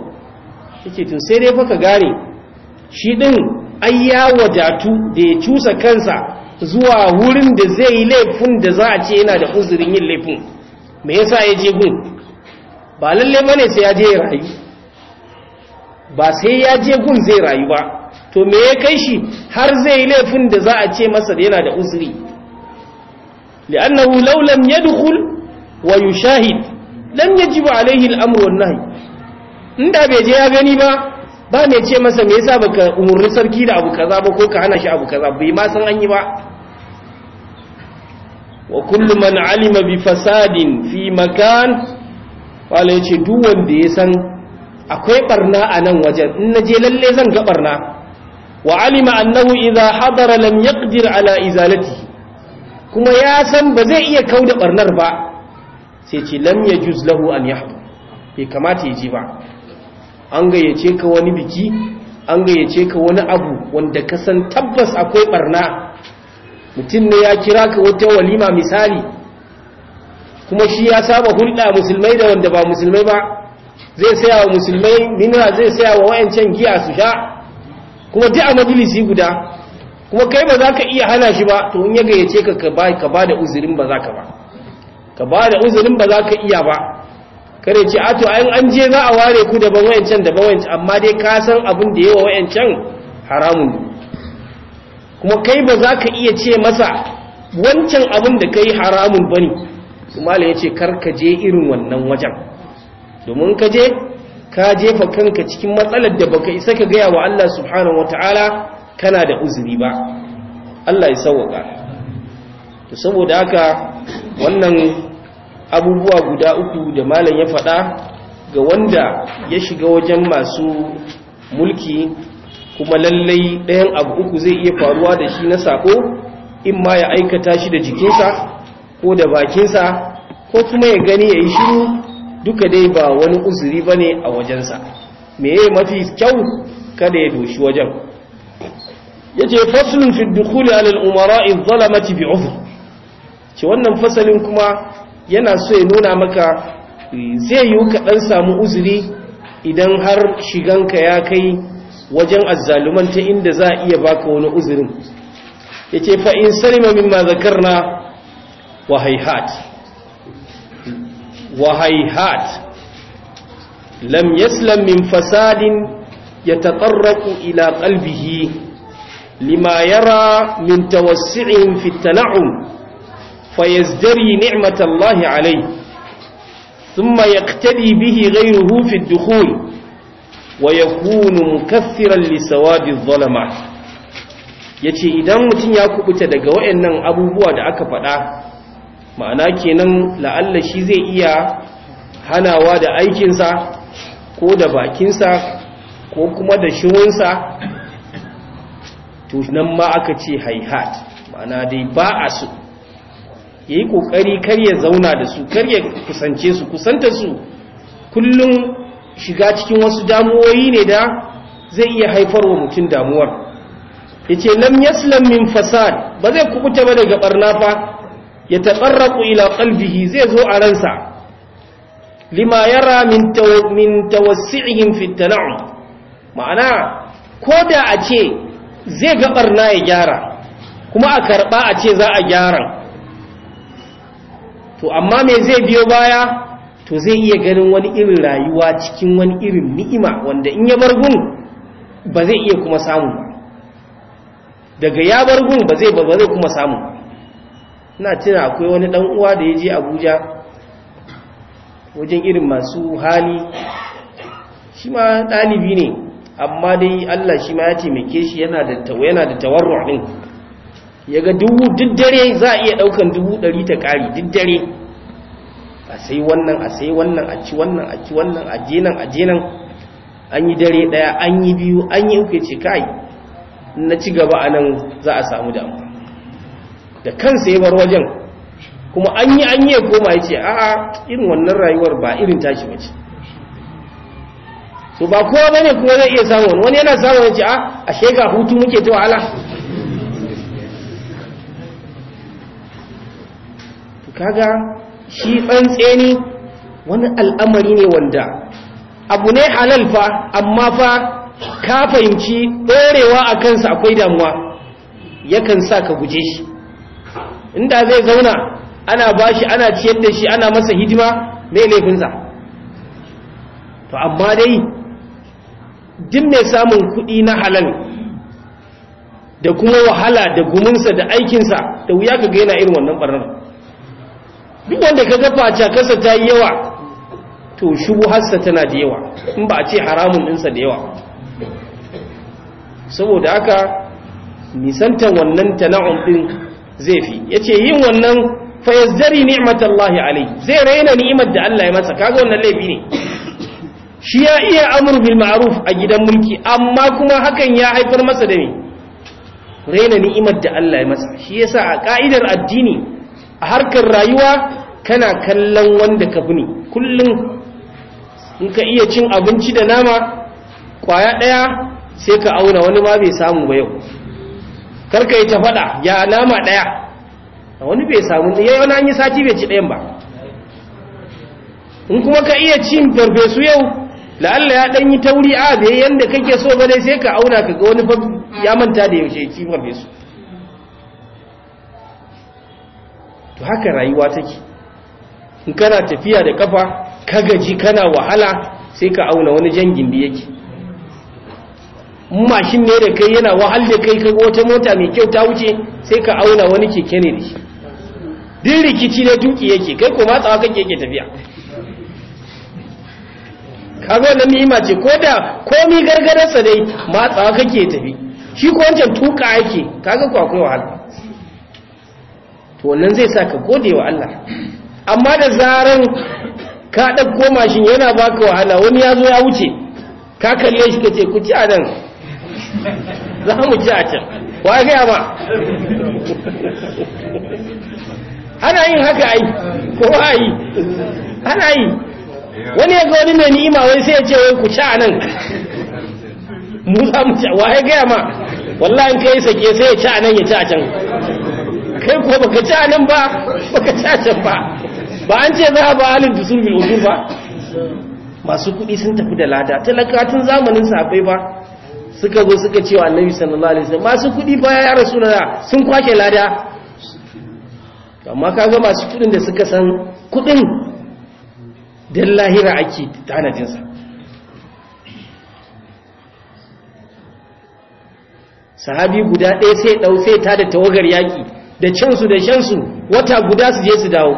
yace to sai dai fa ka gane shi din ayya ya wadatu da ya cusa kansa zuwa wurin da zai yi laifin da za a ce yana da uzurin yin laifin me yasa ya je gun ba lalle bane sai ya je ya rayu ba sai ya je gun zai rayu ba to me ya kai shi har zai yi laifin da za a ce masa yana da uzuri li'annahu law lam yadkhul wa yushahid lam yajib alayhi al-amru wan-nahy inda bai je ya gani ba ba mai ce masa me yasa baka umurni sarki da abu kaza ba ko ka hana shi abu kaza bai ma san an yi ba Wa man alima bi fasadin fi makan wala yace duk wanda ya san akwai barna a nan wajen in je lalle zan ga barna wa alima annahu idha hadara lam yaqdir ala izalati kuma ya san ba zai iya kauda barnar ba sai ce lam yajuz lahu an yahdu bai kamata ya ji ba an gayyace ka wani biki an gayyace ka wani abu wanda ka san tabbas akwai barna mutum ne ya kira ka wata walima misali kuma shi ya saba hulɗa musulmai da wanda ba musulmai ba zai saya wa musulmai minna zai saya wa wayancan giya su sha kuma duk a majalisi guda kuma kai ba za ka iya hana shi ba to in ya gayyace ka ka ba da uzurin ba za ka ba ka ba da uzurin ba za ka iya ba kare ce ato an an je za a ware ku daban wayancan daban wayancan amma dai ka san abin da yawa wayancan haramun kuma kai ba za ka iya ce masa wancan abin da ka yi haramun ba ne malam ya ce karka je irin wannan wajen domin ka je ka jefa kanka cikin matsalar da baka isa ka gaya wa Allah subhanahu wata'ala kana da uzuri ba Allah ya sauwaka to saboda haka wannan abubuwa guda uku da malam ya faɗa ga wanda ya shiga wajen masu mulki kuma lallai ɗayan abu uku zai iya faruwa da shi na sako in ma ya aikata shi da jikinsa ko da bakinsa ko kuma ya gani ya yi shiru duka dai ba wani uzuri ba ne a wajensa meye mafi kyau kada ya doshi wajen ya ce fasulun fi dukuli alal umara in mati bi ce wannan fasalin kuma yana so ya nuna maka eh, zai yi kaɗan samu uzuri idan har shiganka ya kai wajen azzaluman ta inda za a iya baka wani uzurin yace fa in salima mimma zakarna wa hayhat wa lam yaslam min fasadin ya yatatarraqu ila ƙalbihi lima yara min tawassi'ihim fi at-tan'um fayazdari ni'matallahi alayhi ثم يقتدي bihi غيره في wa yakunu mukaffiran li sawadi dhulama yace idan mutum ya kubuta daga wayannan abubuwa da aka faɗa ma'ana kenan la'alla shi zai iya hanawa da aikinsa ko da bakinsa ko kuma da sa to nan ma aka ce haihat ma'ana dai ba a su ya yi ƙoƙari ya zauna da su kar ya kusance su kusanta su kullum shiga cikin wasu damuwoyi ne da zai iya haifarwa mutum damuwar Ya ce lam yaslam min fasad ba zai kubuta ba daga barna fa ya ku ila ƙalbihi zai zo a ransa lima yara min min tawassi'ihim fi Ma'ana ma'ana da a ce zai ga barna ya gyara kuma a karɓa a ce za a gyara to amma me zai biyo baya to zai iya ganin wani irin rayuwa cikin wani irin ni'ima wanda in ya bar gun ba zai iya kuma samu daga ya bar gun ba zai ba zai kuma samu ina tuna akwai wani dan uwa da ya je Abuja wajen irin masu hali shi ma ɗalibi ne amma dai Allah shi ma ya taimake shi yana da yana da tawarru yaga dubu duk dare za a iya daukan dubu ɗari ta ƙari duk dare a sai wannan a sai wannan a ci wannan a ci wannan a je nan a je nan an yi dare daya an yi biyu an yi uku ce kai na ci gaba a nan za a samu damu da kansa ya bar wajen kuma an yi an yi ya koma ya ce a'a irin wannan rayuwar ba irin tashi ba ce to ba kowa bane kuma zai iya samu wani yana samu ce a ah, a shega hutu muke ta wahala kaga shi tsantse ne wani al'amari ne wanda abu ne halal fa amma fa ka fahimci ɗorewa a kansa akwai damuwa yakan sa ka guje shi inda zai zauna ana bashi ana ciyar da shi ana masa hidima mai laifinsa to amma dai duk mai samun kuɗi na halal da kuma wahala da gumunsa da aikinsa da wuya ka gaina irin wannan ɓarnar duk wanda ka gafa cakasa ta yi yawa to shubuharsa tana da yawa in ba a ce haramun ɗinsa da yawa saboda aka nisantar wannan tana'un ɗin zai fi ya ce yin wannan fayazari, ya alai zai raina ni'imar da Allah ya masa kaga wannan laifi ne shi ya iya amur bil ma'aruf a gidan mulki amma kuma hakan ya haifar masa da ne raina ni'imar da Allah ya masa shi yasa a ka'idar addini a harkar rayuwa kana kallon wanda ka fi ne kullum in ka iya cin abinci da nama kwaya ɗaya sai ka auna wani ma bai samu ba yau karka yi ta faɗa ya nama ɗaya wani bai samu ya wani an yi sati bai ci ɗayan ba in kuma ka iya cin farfesu yau la'alla ya ɗanyi tauri a bai yadda kake so ba dai sai ka auna ka ga wani ya manta da yaushe ci farfesu to haka rayuwa take in kana tafiya da kafa ka gaji kana wahala sai ka auna wani jan gindi yake mashin ne da kai yana wahal da kai kai wata mota mai kyau ta wuce sai ka auna wani keke ne da shi din rikici ne duki yake kai ko matsawa kake yake tafiya kaga wannan ni'ima ce ko da komi gargadarsa dai matsawa kake tafi shi ko wancan tuka yake kaga ko akwai wahala to wannan zai sa ka gode wa Allah amma da zaran ka ɗauko mashin yana baka wahala wani ya zo ya wuce ka kalle shi ka ce ku ci a nan za mu ci a can wa gaya ba ana yin haka ai kowa ai ana yi wani ya ga wani mai ni'ima wai sai ya ce wai ku ci a nan mu za mu ci wa ya gaya ma wallahi kai sake sai ya ci a nan ya ci a can kai ko baka ci anan nan ba baka ci a ba ba an ce za a ba halin da sulbil udu ba masu kuɗi sun tafi da lada talakatun zamanin akwai ba suka zo suka cewa annabi sallallahu alaihi wasallam masu kuɗi ba ya rasulullah sun kwake lada amma kaga masu kuɗin da suka san kuɗin dan lahira ake tanadinsa sahabi guda ɗaya sai ɗau sai ta da tawagar yaƙi da cinsu da shansu wata guda su je su dawo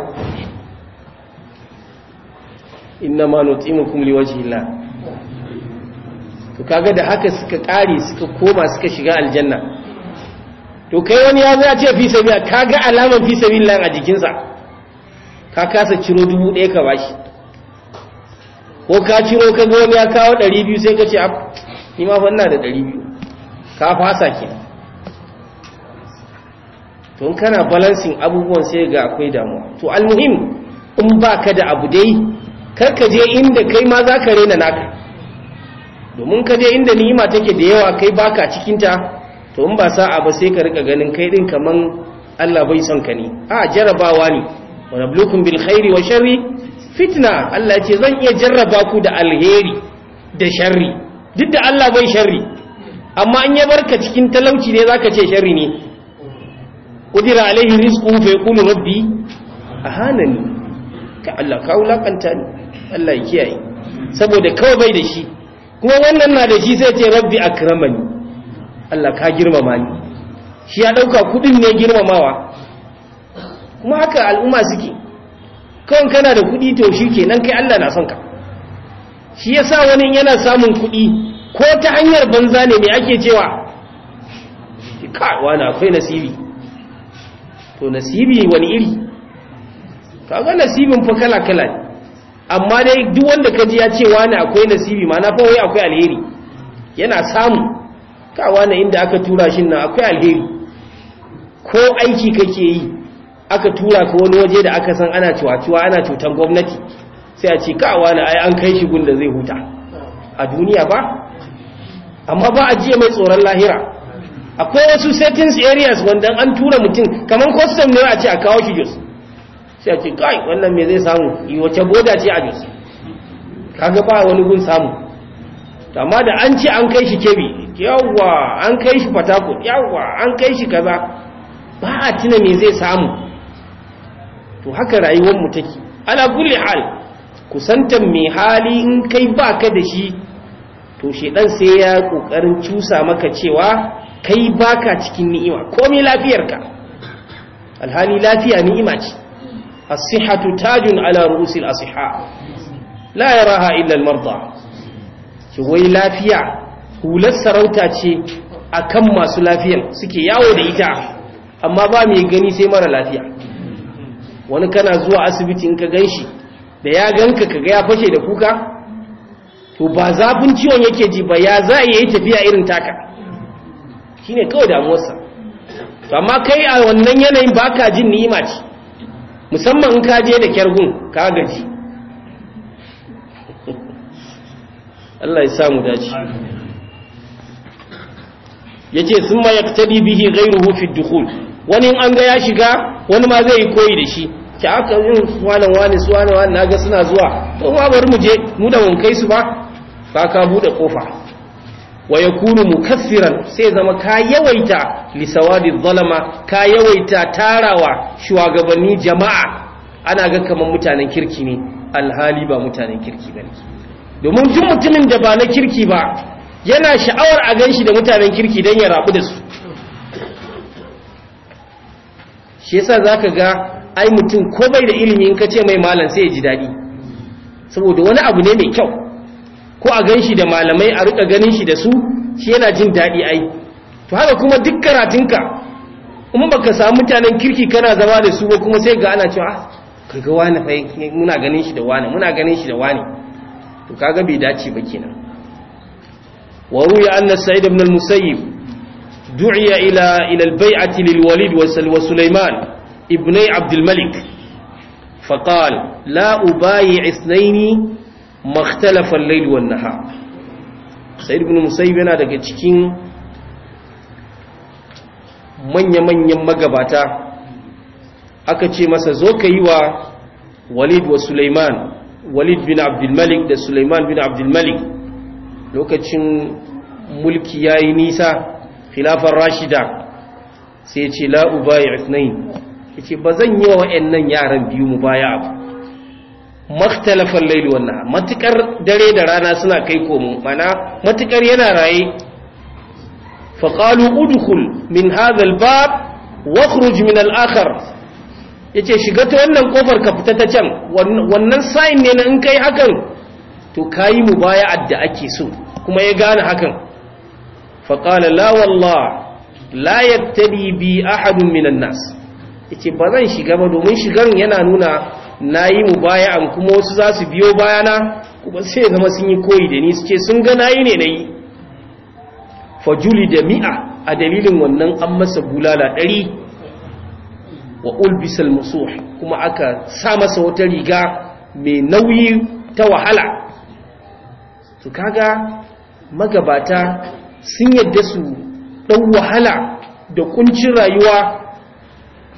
inna ma nutimukum liwajhillah to kaga da haka suka kare suka koma suka shiga aljanna to kai wani ya zai ce fi sabila kaga alaman fi sabilillah a jikinsa ka kasa ciro dubu ɗaya ka bashi ko ka ciro ka ga wani ya kawo ɗari biyu sai ka ce ni ma fa ina da ɗari biyu ka fasa kenan to kana balancing abubuwan sai ga akwai damuwa to almuhim in baka da abu dai ka je inda kai ma za ka rena naka domin ka je inda ni'ima take da yawa kai baka cikinta to in ba sa'a ba sai ka rika ganin kai din kaman Allah bai son ka ne a jarabawa ne wa nablukum bil khairi wa sharri fitna Allah yace zan iya jarraba ku da alheri da sharri duk da Allah bai sharri amma in ya barka cikin talauci ne zaka ce sharri ne qudira alaihi risku fa yaqulu rabbi ahanani ka Allah ka wulaƙanta ni Allah ya kiyaye saboda kawai bai da shi kuma wannan na da shi sai ce rabbi akramani Allah ka girmama ni shi ya dauka kudin ne girmamawa kuma haka al'umma suke kawai kana da kudi to shi kenan kai Allah na son ka shi yasa wani yana samun kudi ko ta hanyar banza ne mai ake cewa kai wani akwai nasibi to nasibi wani iri kaga nasibin fa kala kala amma dai duk wanda ka ji ya ce wani akwai nasibi ma na fa wai akwai alheri yana samu ka wani inda aka tura shi nan akwai alheri ko aiki kake yi aka tura ka wani waje da aka san ana cewa ana cutan gwamnati sai a ce ka wani ai an kai shi gunda zai huta a duniya ba amma ba a jiya mai tsoron lahira akwai wasu settings areas wanda an tura mutum kamar custom ne a ce a kawo shi jos sai a ce kai wannan me zai samu yi wace boda ce a jos kaga ba wani gun samu amma da an ce an kai shi kebi yawwa an kai shi fatakot yawwa an kai shi kaza ba a tuna me zai samu to haka rayuwar mu take ala kulli hal kusantan mai hali in kai baka da shi to shedan sai ya kokarin cusa maka cewa kai baka cikin ni'ima komai ka? alhali lafiya ni'ima ce as-sihhatu tajun ala ru'usil asiha la yaraha illa al mardha ki wai lafiya hular sarauta ce akan masu lafiyan suke yawo da ita amma ba mai gani sai mara lafiya wani kana zuwa asibiti in ka ganshi da ya ganka kaga ya fashe da kuka to ba zafin ciwon yake ji ba ya za a yi tafiya irin taka shine kawai damuwarsa to amma kai a wannan yanayin baka jin ni'ima ce musamman in ka je da kyargun ka gaji [LAUGHS] Allah ya samu dace yace summa yaqtadi bihi ghayruhu fi ad-dukhul wani an ga ya shiga wani ma zai koyi da shi ki aka ah, yin wani wani suwanan wani naga suna zuwa to ma bari mu je mu da mun kai su ba ba ka bude kofa wa yakunu mukassiran sai zama ka yawaita lisawadi zalama ka yawaita tarawa shugabanni jama'a ana ga kaman mutanen kirki ne alhali ba mutanen kirki bane domin duk mutumin da ba na kirki ba yana sha'awar a ganshi da mutanen kirki dan ya rabu da su shi yasa zaka ga ai mutum ko bai da ilimi in ka ce mai malam sai ya ji daɗi? saboda wani abu ne mai kyau ko a gan shi da malamai a rika ganin shi da su shi yana jin daɗi ai to haka kuma duk karatunka in baka samu mutanen kirki kana zama da su ba kuma sai ga ana cewa ah, Ka ga wani fa muna ganin shi da wani muna ganin shi da wani to kaga bai dace ba kenan wa ruya anna sa'id ibn al-musayyib du'iya ila ila al-bai'ati lil walid wa sulaiman Ibn abd al-malik فقال لا أبايع اثنين makhtalafan laili wan nahar sa'id ibn musayyib yana daga cikin manya-manyan magabata aka ce masa zo ka yi wa walid wa suleiman walid bin abdulmalik da sulaiman bin abdulmalik lokacin mulki ya nisa khilafar rashida sai ce la'uba ya ifnai ce ba zan yi wa wa'yan yaran biyu mu baya abu makhtalafan laili wannan matukar dare da rana suna kai komo mana matukar yana raye faƙalu udkhul min hazal bab wakhruj min al-akhar yace shiga ta wannan kofar ka fita ta can wannan sign ne na in kai hakan to mu baya da ake so kuma ya gane hakan faƙala la wallah la yattabi bi ahadun minan nas yace ba zan shiga ba domin shigan yana nuna na yi mu baya kuma wasu za su biyo bayana kuma sai zama sun yi koyi da ni su ce sun ga na yi ne na yi fajuli da mi'a a dalilin wannan an masa bulala ɗari wa ulbisal musu kuma aka sa masa wata riga mai nauyi ta wahala su kaga magabata sun yadda su ɗan wahala da kuncin rayuwa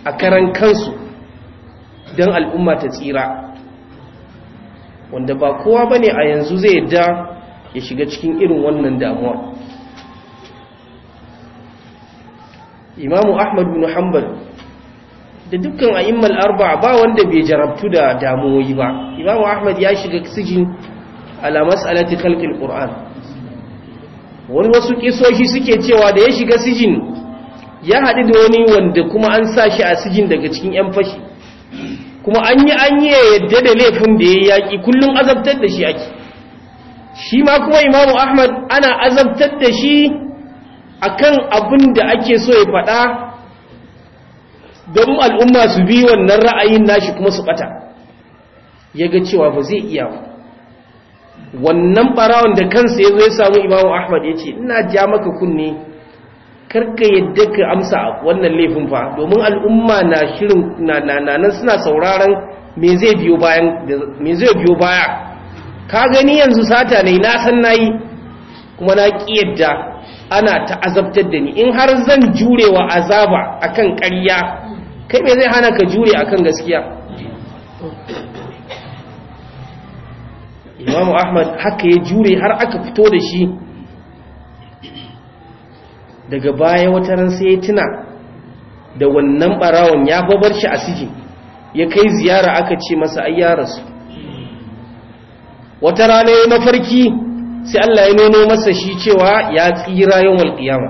a karan kansu don al'umma ta tsira wanda ba kowa ba a yanzu zai da ya shiga cikin irin wannan damuwa imamu ahmad bin hanbal da dukkan a'immal arba ba wanda bai jarabtu da damuwoyi ba imamu ahmad ya shiga sijin ala mas'alati kalkin Ƙur'an. wani wasu kisoshi suke cewa da ya shiga sijin ya haɗu da wani wanda kuma an sa shi a sijin daga cikin 'yan fashi kuma an yi an yi yadda da laifin da ya yi yaƙi kullum azabtar da shi ake shi ma kuma imamu ahmad ana azabtar da shi akan abin da ake so ya faɗa don al'umma su bi wannan ra'ayin nashi kuma su ɓata ya ga cewa ba zai iya ba. wannan ɓarawon da kansa ya zo ya samu imamu ahmad ya ce ina ja maka kunne karka yadda ka amsa a wannan laifin fa domin al'umma na shirin na na nan suna sauraron me zai biyo baya ka gani yanzu sata ne na san nayi kuma na ki yadda ana ta'azabtar da ni in har zan jurewa azaba akan ƙarya kai me zai hana ka jure akan gaskiya Imam Ahmad haka ya jure har aka fito da shi daga baya wata ran sai ya tuna da wannan barawon ya babar shi a siji ya kai ziyara aka ce masa ai wata rana ya mafarki sai Allah ya nono masa shi cewa ya tsira yawan qiyama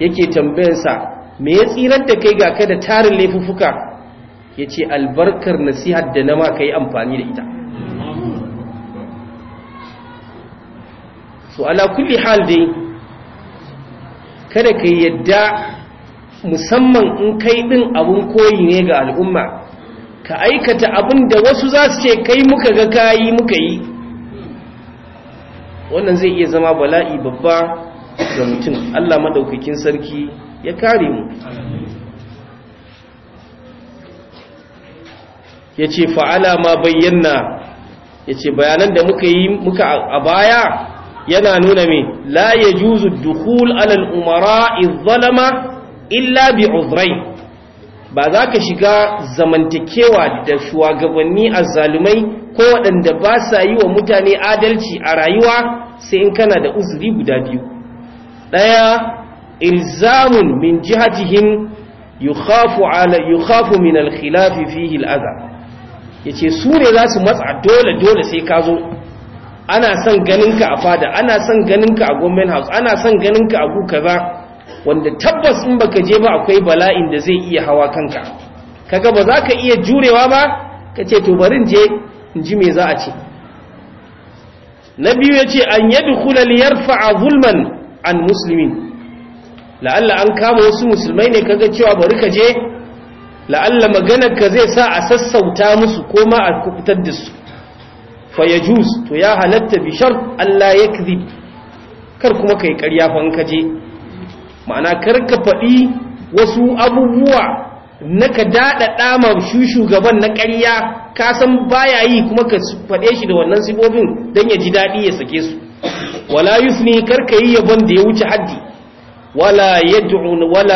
yake tambayarsa me ya tsirar da kai ga ka da tarin Ya yace albarkar nasihar da nama kai amfani da ita so ala kulli hal dai kada ka yadda musamman in kai din abun koyi ne ga al'umma ka aikata abin da wasu za su ce kai muka ga kayi muka yi wannan zai iya zama bala'i babba ga mutum Allah madaukakin sarki ya kare mu ya ce fa'ala ma bayyana ya ce bayanan da muka yi muka a baya yana nuna me la yajuzu dukhul ala al-umara izalama illa bi uzrai ba za ka shiga zamantakewa da shugabanni azzalumai ko waɗanda ba sa yi wa mutane adalci a rayuwa sai in kana da uzuri guda biyu ɗaya ilzamun min jihatihim yukhafu ala yukhafu min al fihi al yace su ne za su matsa dole dole sai ka zo ana son ka a fada ana son ganinka a government house ana son ka a guka za wanda tabbas in baka je ba akwai bala'in da zai iya hawa kanka kaga ba za ka iya jurewa ba ka ce to barin je in ji me za a ce na biyu ya ce an yadda kulal yarfa a zulman an musulmin la'alla an kama wasu musulmai ne kaga cewa bari ka je la'alla maganar ka zai sa a sassauta musu ko ma a kubutar da su fayajus to ya halatta bi shart Allah yakzib kar kuma kai ƙarya fa in ka je ma'ana kar ka faɗi wasu abubuwa na ka daɗaɗa ma shi shugaban na ƙarya ka san baya yi kuma ka faɗe shi da wannan sibobin don ya ji daɗi ya sake su wala yufni karka yi yabon da ya wuce haddi wala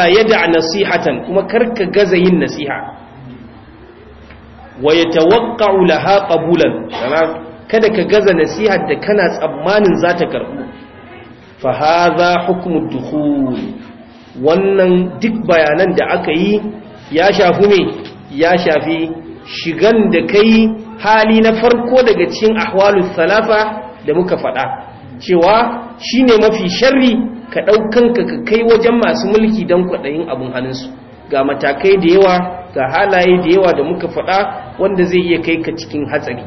yad'a nasihatan kuma karka gaza yin nasiha wa yatawaqqa'u laha qabulan kada ka gaza nasihar da kana tsammanin za ta karbu fa hadha hukmu dukhul wannan duk bayanan da aka yi ya shafi me ya shafi shigan da kai hali na farko daga cikin ahwalus salafa da muka faɗa cewa shine mafi sharri ka ɗaukanka ka kai wajen masu mulki don kwaɗayin abin hannunsu ga matakai da yawa ga halaye da yawa da muka faɗa wanda zai iya kai ka cikin hatsari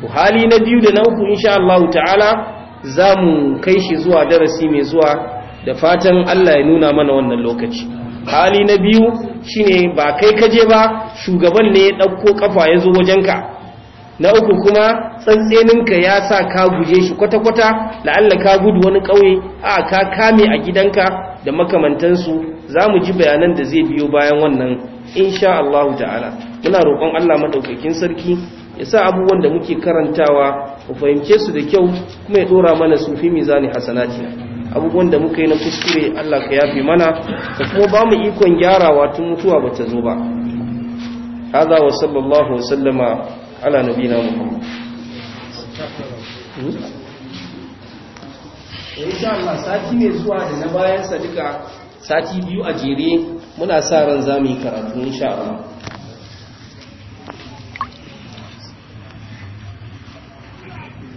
to hali na biyu da na uku insha Allah ta'ala za mu kai shi zuwa darasi mai zuwa da fatan Allah ya nuna mana wannan lokaci hali na biyu shine ba kai ka je ba shugaban ne ya ɗauko ƙafa ya zo wajenka na uku kuma tsantseninka ya sa ka guje shi kwata-kwata la'alla ka gudu wani ƙauye a ka kame a gidanka da makamantansu za mu ji bayanan da zai biyo bayan wannan insha Allah ta'ala muna roƙon Allah madaukakin sarki ya sa abubuwan da muke karantawa ku fahimce su da kyau kuma ya dora mana su fi mizani hasanati abubuwan da muka yi na kuskure Allah ka yafe mana ka kuma ba mu ikon gyarawa tun mutuwa ba ta zo ba hada wa sallallahu wa sallama ala nabina muhammad hmm? insha Allah sati ne zuwa da na bayan sadika sati biyu a jere muna sa ran za mu yi karatu insha Allah